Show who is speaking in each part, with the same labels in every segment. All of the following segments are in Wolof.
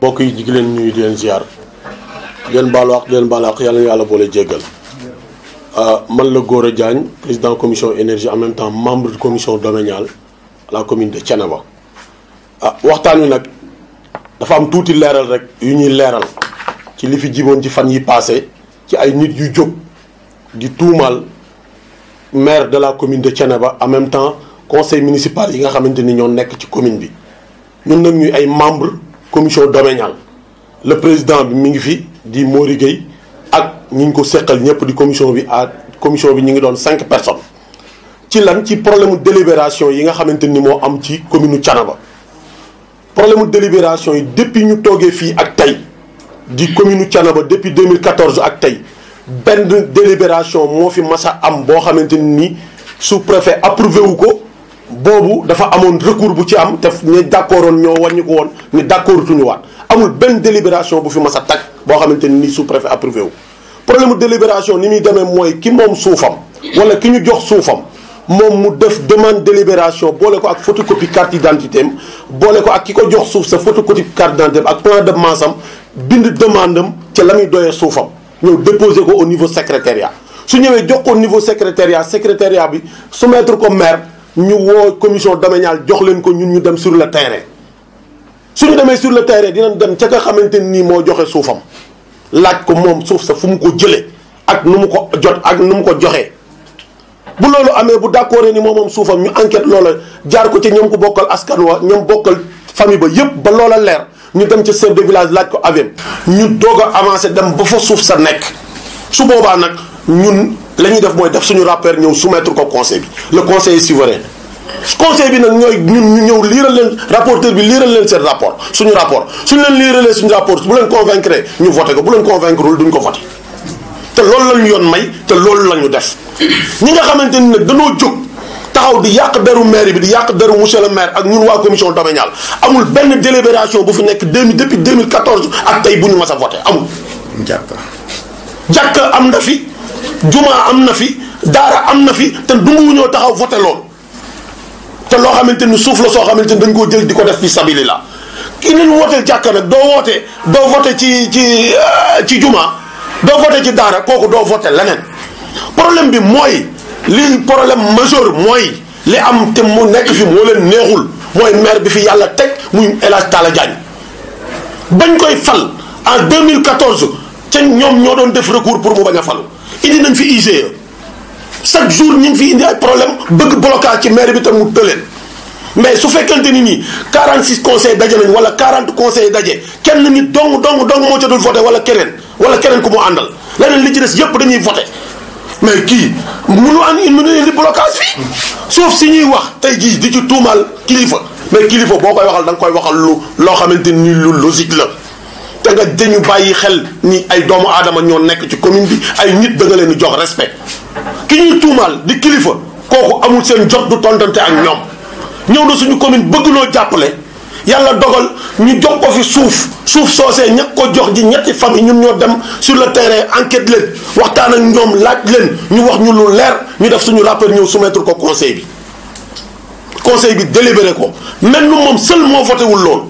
Speaker 1: mbokk yi jigi leen ñuy di leen ziar di leen baalu àq di leen baalu àq yàlla na yàlla boole ah, man la Gora Diagne président commission énergie en même temps membre de commission domaniale à la commune de Thiénaba ah waxtaan wi nag dafa am tuuti leeral rek yu ñuy leeral ci li fi jiboon ci fan yi passé ci ay nit yu di maire de la commune de Thiénaba en même temps conseil municipal yi nga xamante ni ñoo nekk ci commune bi ñun nag ñuy ay membre commission domaniale le président bi mi ngi fi di Mori Gueye ak ñi ñu ko ñep di commission bi à commission bi ñi ngi doon cinq personnes ci lan ci problème de délibération yi nga xamante mo am ci commune u problème de délibération yi depuis ñu toogee fi ak tay di commune u depuis 2014 ak tay benn délibération mo fi massa am bo xamante sous-préfet approuvé wu ko boobu dafa amoon recours bu ci am te ñu d'accordoon ñoo wàññi ko woon ñu d'accorduñu waat amul benn délibération bu fi mas a tag boo xamante ni sous-préfet approuvé wu problème délibération ni muy demee mooy ki moom suufam wala ki ñu jox suufam moom mu def demande délibération boole ko ak photocopie carte d'identité am boole ko ak ki ko jox suuf sa photocopie carte d'identité ak plan de mansam bind demande am ca la muy doyee suufam ñëw déposer ko au niveau secrétariat su ñëwee jox ko au niveau secrétariat bi soumettre ko maire ñu woo commission domaniale jox leen ko ñun ñu dem sur le terrain suñu demee sur le terrain dinañ dem ca nga xamante nii moo joxe suufam laaj ko moom suuf sa fu mu ko jëlee ak nu mu ko jot ak nu mu ko joxee bu loolu amee bu d'accord ni moom moom suufam ñu enquête loola jaar ko ci ñoom ko bokkal askan wa ñoom bokkal famille ba yëpp ba loola leer ñu dem ca chef de village laaj ko avem ñu doog a avancé dem ba fa suuf sa nekk su boobaa nag ñun la ñuy def mooy def suñu rapport ñëw soumettre ko conseil bi le conseil est souverain conseil bi nag ñooy ñun ñu ñëw liiral leen rapporteur bi liiral leen seen rapport suñu rapport suñu leen liiralee suñu rapport bu leen convaincre ñu voté ko bu leen convaincrewul duñ ko voté te loolu la ñu yoon may te loolu la ñu def ñi nga xamante ni nag dañoo jóg taxaw di yàq deru maire bi di yàq deru monsieur le maire ak ñun waa commission domaniale amul benn délibération bu fi nekk deux depuis 2014 ak tey bu ñu mas a voté amul. jàkka jàkka am na fi. jumaa am na fi daara am na fi te dungu ñoo taxaw voté loolu te loo xamante ni suuf la soo xamante ni dañ koo jël di ko def fi sabili la ki leen wooteel jàkka nag doo wootee doo voté ci ci euh, ci jumaa doo voté ci daara kooku doo voté leneen problème bi mooy li problème majeur mooy li am te mu nekk fi moo leen neexul mooy maire bi fi yàlla teg muy El Hadj Talla Diagne bañ koy fal en 2014 ca ñoom ñoo doon def recours pour mu bañ a falu indi nañ fi IGE chaque jour ñu ngi fi indi ak problème bëgg blocage ci maire bi tam mu tëleen mais su fekkente ni nii 46 conseils daje nañ wala quarante conseils daje kenn nit dong dong dong moo ca dul voté wala keneen wala keneen ku mu àndal leneen li ci des yépp dañuy voté mais kii mënu am une minute indi blocage fii sauf si ñuy wax tey jii di ci tuumaal kilifa mais kilifa boo koy waxal da nga koy waxal lu loo xamante ni lu logique la. te nga dañu bàyyi xel ni ay doomu aadama ñoo nekk ci commune bi ay nit da nga leen jox respect ki ñuy tuumaal di kilifa kooku amul seen jot du tontante ak ñoom ñëw na suñu commune bëgg noo jàppale yàlla dogal ñu jox ko fi suuf suuf soosee ña ko jox ji ñetti famille ñun ñoo dem sur le terrain enquête leen waxtaan ak ñoom laaj leen ñu wax ñu lu leer ñu def suñu rapport ñëw soumettre ko conseil bi conseil bi délibéré ko mel nu moom seul moo voté wul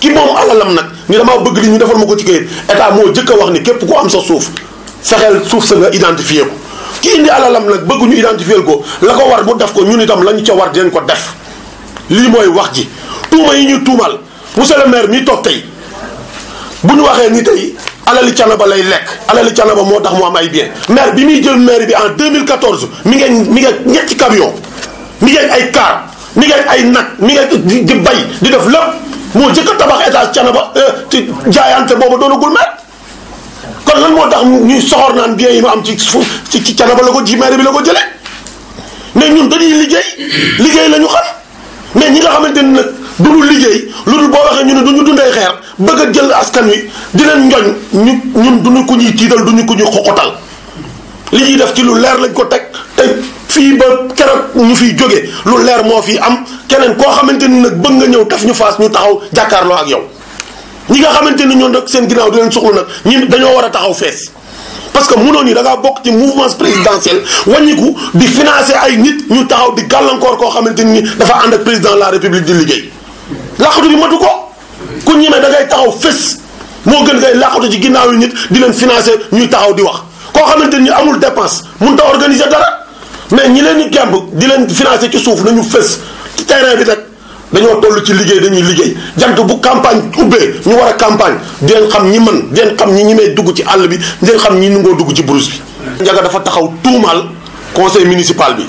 Speaker 1: Qui mom alalam nak ni dama bëgg li ñu ma ko ci kayit état mo jëkk wax ni képp ko am sa souf souf sa nga identifié ko ki indi alalam nag ñu identifié ko la ko war bu def ko ñun la war ko def li moy wax ji yi ñu le maire mi tok tay bu ñu ni tay alali lay lek alali mo tax am ay bien maire bi mi jël en 2014 mi ngeen mi ngeen ñetti camion mi ngeen ay car mi ngeen ay mi ngeen di bay di def moo jëkk a tabax étage Thiénaba euh, ci jaayante boobu doonagul maire kon lan moo tax ñuy soxor naan bien yi ma am ci suuf ci ci Thiénaba la ko ci maire bi la ko jëlee mais ñun dañuy liggéey liggéey la ñu xam mais ñi nga xamante ni nag du ñu liggéey dul boo waxee ñu ne du ñu dundee xeer bëgg a jël askan wi di leen njoñ ñu ñun du ñu ko ñuy tiital du ñu ko ñuy xoqotal li ñuy def ci lu leer lañ ko teg tey. fii ba keroog ñu fiy jóge lu leer moo fi am keneen koo xamante ni nag bëgg nga ñëw def ñu faas ñu taxaw jàkkaarloo ak yow ñi nga xamante ni ñoom nag seen ginnaaw di leen soxla nag ñi dañoo war a taxaw fees parce que mënoon yi da bokk ci mouvement présidentiel wàññiku di financer ay nit ñu taxaw di gàllankoor koo xamante ni dafa ànd ak président de la république di liggéey laqatu bi matu ko ku ñemee da ngay taxaw fés moo gën ngay laqatu ci ginnaaw yi nit di leen financer ñuy taxaw di wax koo xamante ni amul dépense mun ta organiser dara mais ñi leen di di leen financé ci suuf nañu fës ci terrain bi nag dañoo toll ci liggéey dañuy liggéey jant bu campagne ubbee ñu war a campagne den xam ñi mën den xam ñi ñimee dugg ci àll bi di leen xam ñi nungoo dugg ci brousse bi. Ndiaga dafa taxaw tuumaal conseil municipal bi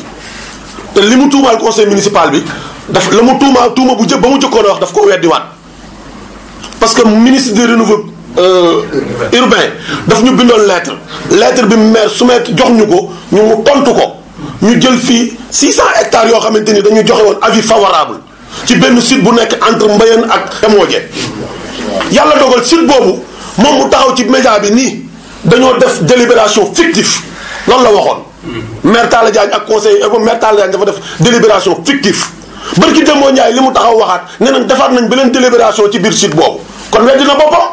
Speaker 1: te li mu tuumaal conseil municipal bi daf la mu tuumaa tuuma bu jë ba mu jëkkoon a wax daf ko weddiwaat parce que ministre du renouveau euh, urbain daf ñu bindoon lettre lettre bi maire soumettre jox ñu ko ñu mu ko. ñu jël fii 600 hectares yoo xamante ni dañu joxewoon woon avis favorable ci benn site bu nekk entre Mbayeen ak Emooje yàlla dogal site boobu moom mu taxaw ci média bi nii dañoo def délibération fictif loolu la waxoon. maire Talla Diagne ak conseil euh, maire Talla Diagne dafa def délibération fictif bërki Demba Ndiaye li mu taxaw waxaat ne nañ defaat nañ beneen délibération ci biir site boobu kon weddi na boppam.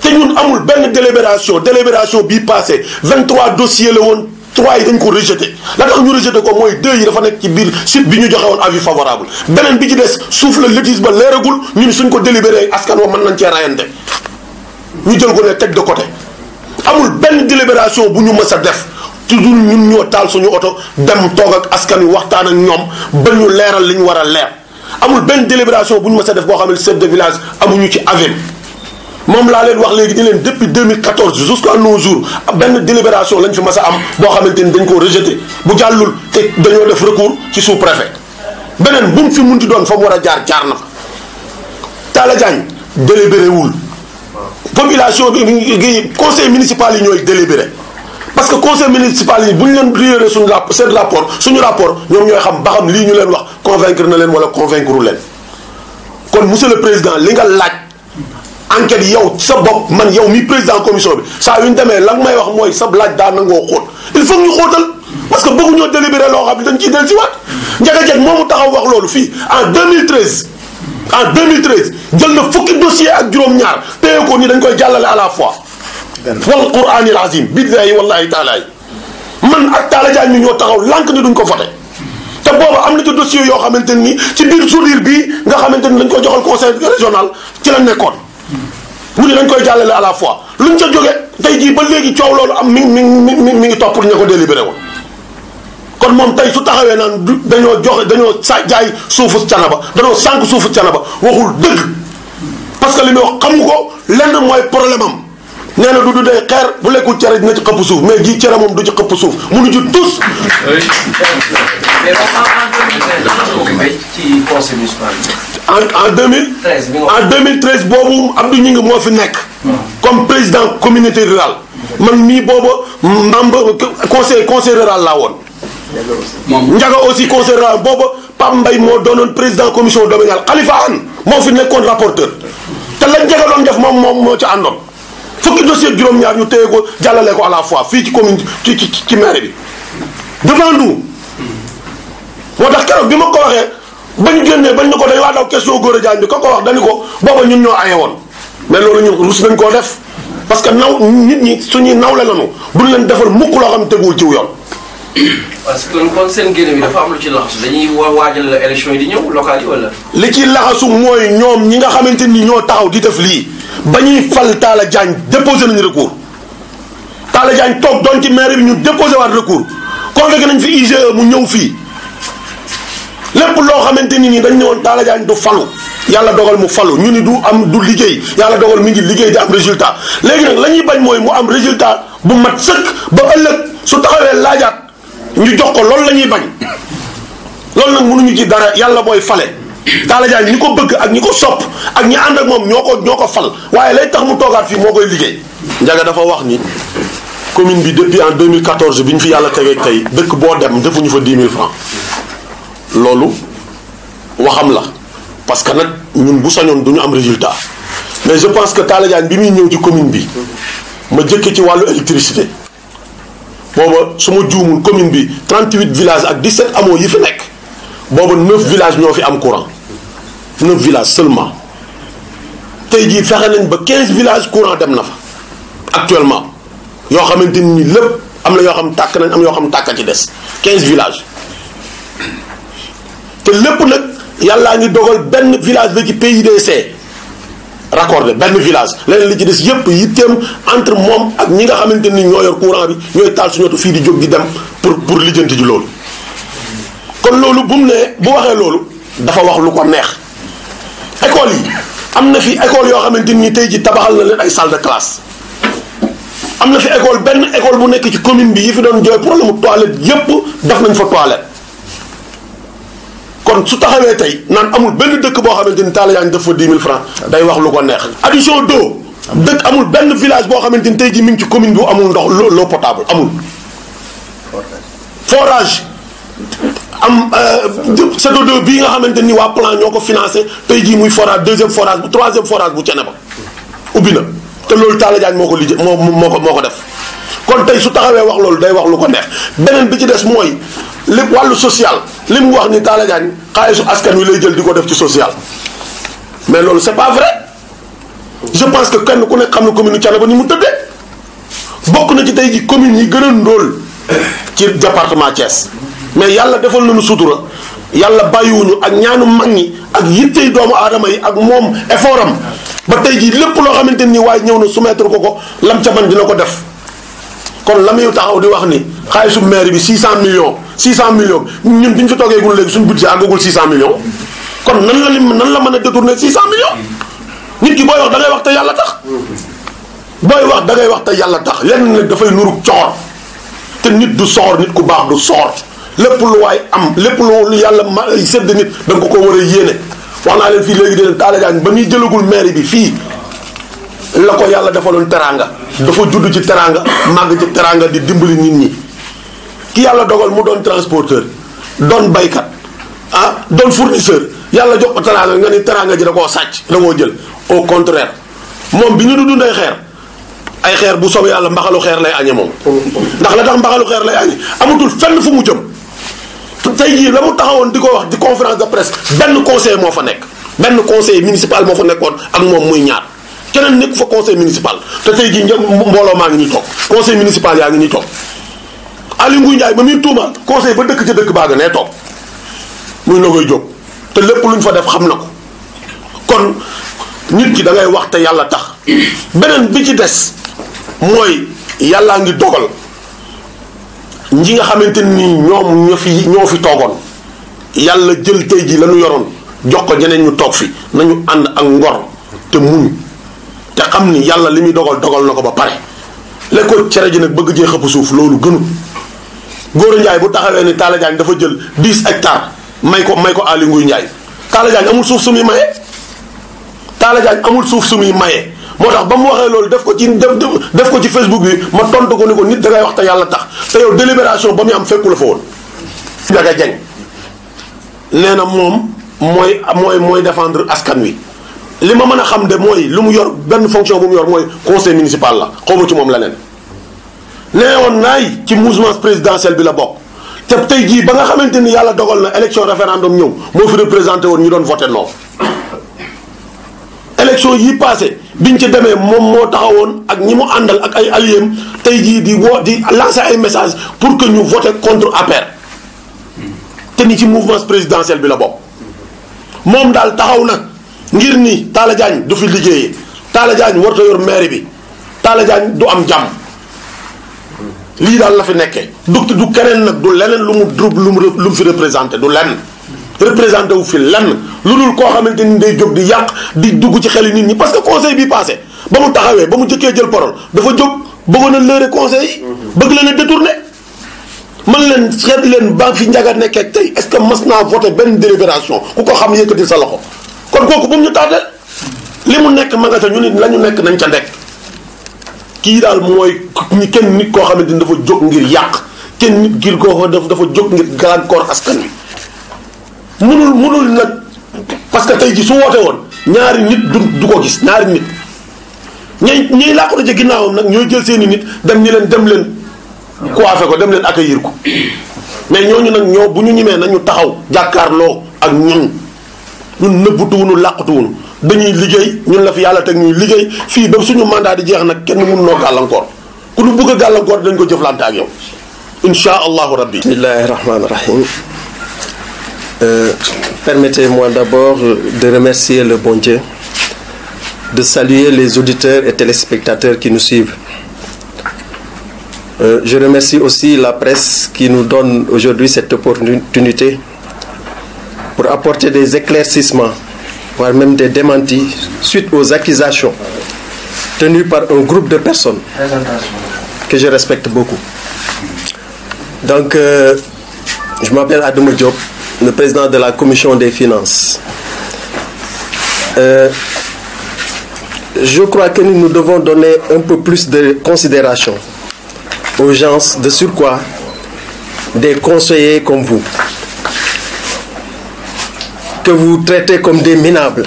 Speaker 1: te ñun amul benn délibération délibération bii passé 23 dossiers la woon trois yi dañ ko rejeté la tax ñu rejeté ko mooy deux yi dafa nekk ci biir site bi ñu joxe woon avis favorable beneen bi ci des suuf la litige ba leeragul ñun suñ ko délibéré askan wa mën nañ cee rayante ñu jël ko ne teg de côté amul benn délibération bu ñu mës a def toujours ñun ñoo taal suñu oto dem toog ak askan wi waxtaan ak ñoom ba ñu leeral li ñu war a leer amul benn délibération bu ñu mës a def boo xam ne chef de village amuñu ci avis moom laa leen wax léegi di leen depuis 2014 jusqu'à nos jours benn délibération lañ fi mas a am boo xamante ni dañ koo rejeté bu jàllul te dañoo def recours ci sous-préfet beneen bu mu fi munti doon fa mu war a jaar jaar na fa Talla Diagne délibéré wul population bi conseil municipal yi ñooy délibéré parce que conseil municipal yi bu ñu leen réeré suñu rapport seen rapport suñu rapport ñoom ñooy xam ba xam lii ñu leen wax convaincre na leen wala convaincre le président li nga laaj. enquête yow sa bopp man yow mi président commission bi saa yu ñu demee la nga may wax mooy sa laaj daa nangoo xóot il faut ñu xóotal parce que bëgguñoo délibéré loo xam ne dañ ciy del si moomu taxaw wax loolu fii en 2013 en 2013 jël na fukki dossier ak juróom-ñaar téye ko ni dañ koy jàllale à la fois wal quraanil azim billahi wallahi taala yi man ak Talla Diagne mi ñoo taxaw lànk ni duñ ko voté te booba am na ci dossier yoo xamante ni ci biir sourire bii nga xamante ni dañ ko joxal conseil régional ci la nekkoon mu ne dañ koy jàllale à la fois luñ ca jógee tey jii ba léegi coow loolu am mi mi mi mi ngi topp ña ko délibéré woon. kon moom tey su taxawee naan dañoo jox dañoo sa jaay suufu canaba dañoo sànq suufu canaba waxul dëgg parce que li muy xamu ko lenn mooy problème am nee na du du dee xeer bu lekkul cere dina ci xëpp suuf mais ji cere moom du ci xëpp suuf munu ci tus.
Speaker 2: mais ci conseil municipal
Speaker 1: en en deux mille. treize bi en deux mille treize boobu Abdou Gningue moo fi nekk. Hmm. comme président communauté rural man mii booba membre conseil conseil rural laa woon. Ndiaga aussi conseil rural booba Pape Mbaye moo doonoon président commission domaniale Khalifa Anne moo fi nekkoon rapporteur. te la Ndiaga doon def moom moom moo ca àndoon fukki dossier juróom-ñaar ñu téye ko jàllale ko à la fois fii ci commune ci ci ci maire bi devant nous. moo tax keroog bi ma ko waxee. ba ñu génnee bañ ne ko dañ waa daw question góor a jaan bi ko ko wax dañu ko booba ñun ñoo aye woon mais loolu ñun rus nañ koo def parce que naw nit ñi suñuy nawle lañu buñ leen defal mukk loo xam teguwul ci yoon.
Speaker 2: parce que kon seen génn dafa am lu ci laxasu dañuy waajal la élection yi di ñëw local yi wala.
Speaker 1: li ci laxasu mooy ñoom ñi nga xamante ni ñoo taxaw di def lii ba ñuy fal Talla Diagne déposé nañu recours Talla Diagne toog doon ci maire bi ñu déposé waat recours convoqué nañ fi IGE mu ñëw fii. lépp loo xamante ni nii dañ ne woon Talla Diagne du falu yàlla dogal mu falu ñu ni du am du liggéey yàlla dogal mi ngi liggéey di am résultat léegi nag la ñuy bañ mooy mu am résultat bu mat sëkk ba ëllëg su taxawee laajaat ñu jox ko loolu la ñuy bañ loolu nag munuñu ci dara yàlla mooy fale Talla Diagne ñi ko bëgg ak ñi ko sopp ak ñi ànd ak moom ñoo ko ñoo ko fal waaye lay tax mu toogaat fii moo koy liggéey. Ndiaga dafa wax ni commune bi depuis en 2014 bi ñu fi yàlla tegeeg tey dëkk boo dem defuñu fa 10 000 francs loolu waxam la parce que nag ñun bu sañoon du ñu am résultat mais je pense que Talla Diagne bi muy ñëw ci commune bi ma jëkke ci wàllu électricité booba su ma juumul commune bi 38 village ak 17 hameaux yi fi nekk booba 9 village ñoo fi am courant 9 village seulement tey jii fexe nañ ba 15 villages courant dem na fa actuellement yoo xam xamante ni lépp am na yoo xam tàkk nañ am yoo xam tàkk ci des quinze village te lépp nag yàllaa ngi dogal benn village la ci PIDC raccordé benn village leneen li ci des yëpp yitteem entre moom ak ñi nga xamante ni ñoo yor courant bi ñooy taal suñu oto fii di jóg di dem pour pour lijjanti ji loolu. kon loolu bu mu nee bu waxee loolu dafa wax lu ko neex ecole yi am na fi ecole yoo xamante ni tey ji tabaxal na leen ay salle de classe. am na fi école benn école bu nekk ci commune bi yi fi doon jooy problème mu toilette yëpp def nañ fa su taxawee tey naan amul benn dëkk boo xamante ni Talla Diagne def fa 10 000 francs day wax lu ko neex addition d'eau dëkk amul benn village boo xamante ni tey ji mi ngi ci commune bi amul ndox l'eau potable amul forage am euh, château d'eau bii nga xamante ni waa plan ñoo ko financé tey jii muy forage deuxième forage bu troisième forage bu cene ba ubbi na te loolu Talla Diagne moo ko lijj moo moo ko moo ko def kon tey su taxawee wax loolu day wax lu ko neex beneen bi ci des mooy lépp wàllu social li mu wax ni Talla Diagne xaalisu askan wi lay jël di ko def ci social mais loolu c'est pas vrai je pense que kenn ku nekk xam na commune Thiénaba ni mu tëddee bokk na ci tey ji communes yi gën a ndóol ci département Thiès mais yàlla defal nañu sutura yàlla bàyyiwuñu ak ñaanu mag ñi ak yittey doomu aadama yi ak moom effort am ba tey jii lépp loo xamante ni waaye ñëw na soumettre ko ko lam ca man dina ko def kon la muy taxaw di wax ni xaalisu maire bi 600 millions 600 millions ñun bi ñu fi toogeegul léegi suñu budget àggagul 600 millions kon nan la nan la mën a détourner 600 millions nit ki booy wax da ngay wax te yàlla tax booy wax da ngay wax te yàlla tax lenn nag dafay nuru coxor te nit du soxor nit ku baax du soxor lépp lu waay am lépp lu yàlla ma sedd nit da nga ko war a yéene wax naa leen fii léegi di leen Talla Diagne ba muy jëlagul maire bi fii la ko yàlla defaloon teraanga. dafa judd ci teranga mag ci teranga di dimbali nit ñi ki yàlla dogal mu doon transporteur doon baykat ah doon fournisseur yàlla jox ko teranga nga ni teranga ji da koo sàcc da koo jël au contraire moom bi ñu du dund ay xeer ay xeer bu soobee yàlla mbaxalu xeer lay añe moom ndax la tax mbaxalu xeer lay añe amatul fenn fu mu jëm tey jii la mu taxawoon di ko wax di conférence de presse benn conseil moo fa nekk benn conseil municipal moo fa nekkoon ak moom muy ñaar keneen nekk fa conseil municipal te tey jii një mbooloo maa ngi ñuy toog conseil municipal yaa ngi ñuy toog Aliou Ngouye Ndiaye ba muy tuumaal conseil ba dëkk ca dëkk baa nga nee toog muy na koy jóg te lépp lu ñu fa def xam na ko kon nit ki dangay wax te yàlla tax beneen bi ci des mooy yàllaa ngi dogal ñi nga xamante ni ñoom ñoo fi ñoo fi toogoon yàlla jël tey ji la ñu yoroon jox ko ñeneen ñu toog fi nañu ànd ak ngor te muñ te xam ni yàlla li muy dogal dogal na ko ba pare lekkoo cere ji nag bëgg jee xëpp suuf loolu gënul Gora Ndiaye bu taxawee ni Talla Diagne dafa jël 10 hectares may ko may ko Aly Ngouille Ndiaye Talla amul suuf su muy maye Talla Diagne amul suuf su muy maye moo tax ba mu waxee loolu def ko ci def def ko ci Facebook bi ma tontu ko ni ko nit da ngay wax te yàlla tax te yow délibération ba muy am fekku la fa woon. Ndiaga Dieng nee na moom mooy mooy mooy défendre askan wi. li ma mën a xam de mooy lu mu yor benn fonction bu mu yor mooy conseil municipal la xaw ci moom leneen nee woon naay ci mouvement présidentiel bi la bokk te tey jii ba nga xamante ni yàlla dogal na élection référendum ñëw moo fi représenté woon ñu doon voté non. élection yi passé biñ ci demee moom moo taxawoon ak ñi mu àndal ak ay alliés tey jii di woo di lancer ay message pour que ñu voté contre APR te ni ci mouvement présidentiel bi la bokk moom daal taxaw na. ngir ni Talla jaañ du fi liggéeyee Talla Diagne warut a yor mairie bi Talla Diagne du am jàmm lii daal la fi nekkee dugti du keneen nag du leneen lu mu drub lu mu lu mu fi représenté du lenn représenté wu fi lenn lu dul koo xamante ni day jóg di yàq di dugg ci xeli nit ñi parce que conseil bi passé ba mu taxawee ba mu jëkkee jël parole dafa jóg bëggoon a lëre conseil yi mhm. bëgg leen a détourné man leen seet leen ba fi njaga nekkee tey est ce que mas naa voté benn délibération ku ko xam yëkkatil sa loxo kon kooku bu mu ñu tardé li mu nekk ma ñu nit lañu nekk nañ ca nekk kii daal mooy ñi kenn nit koo xamante ni dafa jóg ngir yàq kenn nit gil koo dafa dafa jóg ngir askan wi munul munul nag parce que tey ji su woote woon ñaari nit du du ko gis ñaari nit ñay ñay làqatu ci ginnaawam nag ñooy jël seeni nit dem ñi leen dem leen coiffé ko dem leen accueillir ko mais ñooñu nag ñoo bu ñu ñimee nañu taxaw jàkkaarloo ak ñun ñun nëbbutuwunu làqatuwunu dañuy liggéey ñun la fi yàlla teg ñuy liggéey fii ba suñu mandat di jeex nag kenn mënu noo gàllankoor ku nu bëgg a gàllankoor dañ ko jëflante ak
Speaker 2: yow insha allahu rabbi bismillahi rahmaani rahim Euh, permettez-moi d'abord de remercier le bon Dieu, de saluer les auditeurs et téléspectateurs qui nous suivent. Euh, je remercie aussi la presse qui nous donne aujourd'hui cette opportunité pour apporter des éclaircissements, voire même des démentis, suite aux accusations tenues par un groupe de personnes que je respecte beaucoup. Donc, euh, je m'appelle Adam Diop, le président de la commission des finances. Euh, je crois que nous, nous devons donner un peu plus de considération aux gens, de surcroît, des conseillers comme vous que vous traitez comme des minables,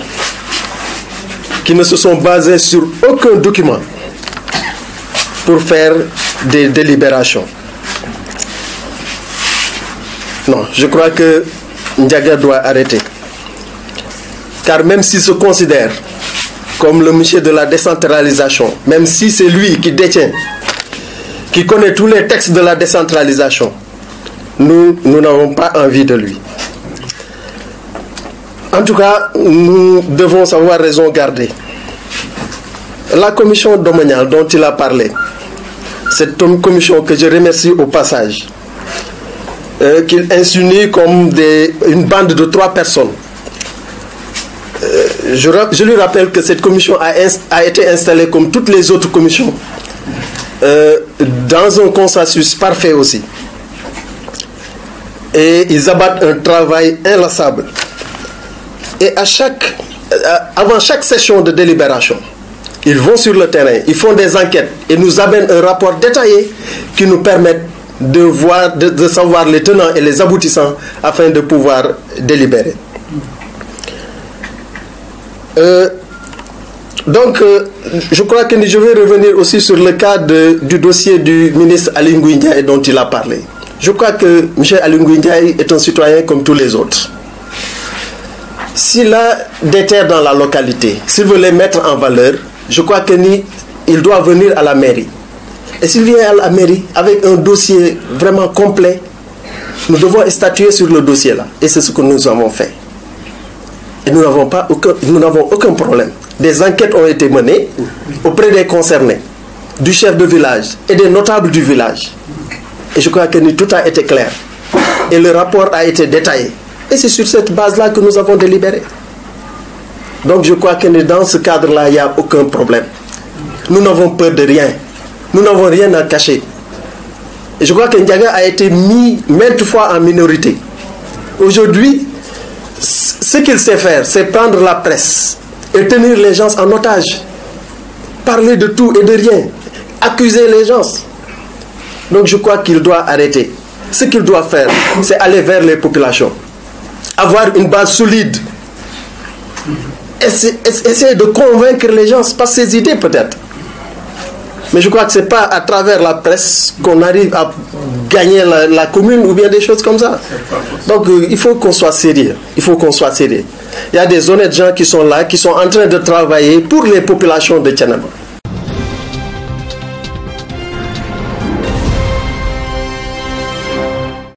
Speaker 2: qui ne se sont basés sur aucun document pour faire des délibérations. Non, je crois que Ndiaga doit arrêter. Car même s'il se considère comme le monsieur de la décentralisation, même si c'est lui qui détient, qui connaît tous les textes de la décentralisation, nous, nous n'avons pas envie de lui. En tout cas, nous devons savoir raison garder. La commission domaniale dont il a parlé, cette une commission que je remercie au passage, euh, qu'il insinue comme une bande de trois personnes. Euh, je, lui rappelle que cette commission a, été installée comme toutes les autres commissions, euh, dans un consensus parfait aussi. Et ils abattent un travail inlassable et euh, avant chaque session de délibération, ils vont sur le terrain, ils font des enquêtes et nous amènent un rapport détaillé qui nous permet de, voir, de, savoir les tenants et les aboutissants afin de pouvoir délibérer. Euh, donc, euh, je crois que je vais revenir aussi sur le cas du dossier du ministre Alingou et dont il a parlé. Je crois que M. Alingou est un citoyen comme tous les autres. S'il a des terres dans la localité, s'il veut les mettre en valeur, je crois qu'il doit venir à la mairie. Et s'il vient à la mairie avec un dossier vraiment complet, nous devons statuer sur le dossier là. Et c'est ce que nous avons fait. Et nous n'avons pas nous n'avons aucun problème. Des enquêtes ont été menées auprès des concernés, du chef de village et des notables du village. Et je crois que tout a été clair. Et le rapport a été détaillé. Et c'est sur cette base-là que nous avons délibéré. Donc je crois que dans ce cadre-là, il n'y a aucun problème. Nous n'avons peur de rien. Nous n'avons rien à cacher. Et je crois que Ndiaga a été mis maintes fois en minorité. Aujourd'hui, ce qu'il sait faire, c'est prendre la presse et tenir les gens en otage. Parler de tout et de rien. Accuser les gens. Donc je crois qu'il doit arrêter. Ce qu'il doit faire, c'est aller vers les populations avoir une base solide. essayer de convaincre les gens pas ces idées peut-être. Mais je crois que c'est pas à travers la presse qu'on arrive à gagner la, commune ou bien des choses comme ça. Donc euh, il faut qu'on soit sérieux. Il faut qu'on soit sérieux. Il y a des honnêtes gens qui sont là, qui sont en train de travailler pour les populations de Tchanaba.